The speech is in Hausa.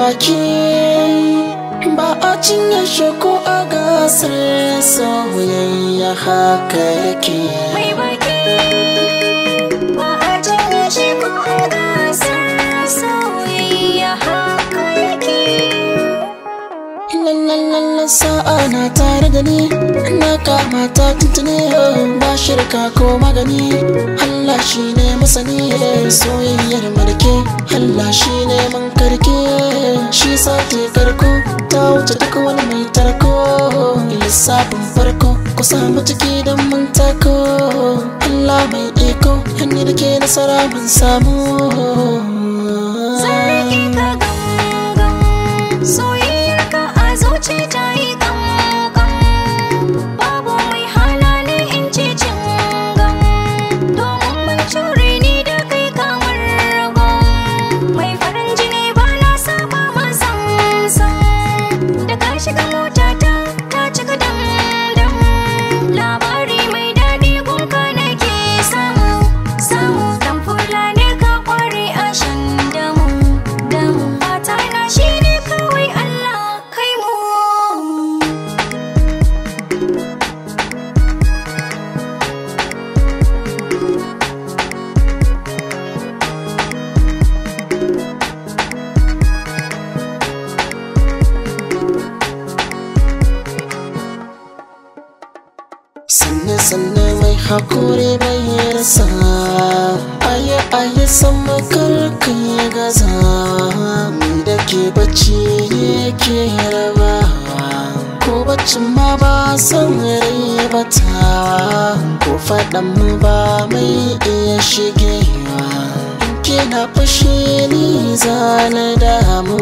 baki ba a cinye shi ko a gasar soyayya haka haka yake sa'a na tare da ni na kama ta tuntune ba shirka ko magani Allah shi ne saniye soyayyar marke Allah shi neman karke shi sati karko ta wuce duk wani mai tarko lissafin farko ku samu ciki don mun tako Allah mai iko hanyar ke nasara mun samu sanne sanne mai hakuri mai rasa aye aye sama karka gaza mai da ke bacci yake raba ko baccin ma ba san rai bata ko faɗan mu ba mai iya shigewa na fashe ni zane damu